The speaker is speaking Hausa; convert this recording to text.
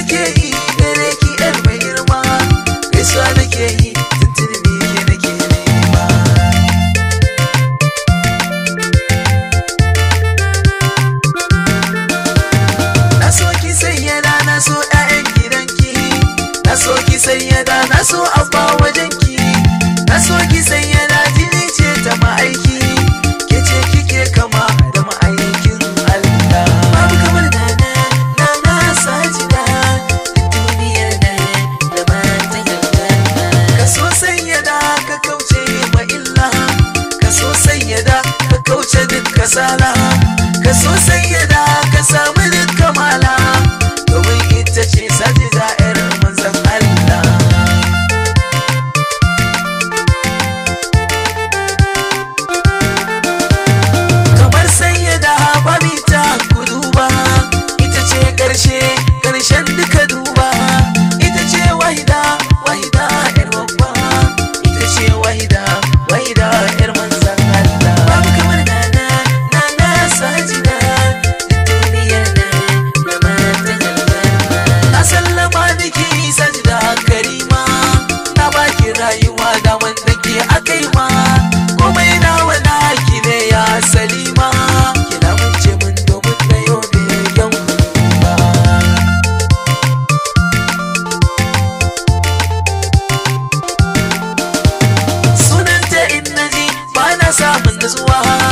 nake yi kare ki yar mai girma gaisuwa nake yi tuntuni ke nake nema na so ki sayyada na so ƴaƴan gidanki na so ki sayyada na so abu zuwa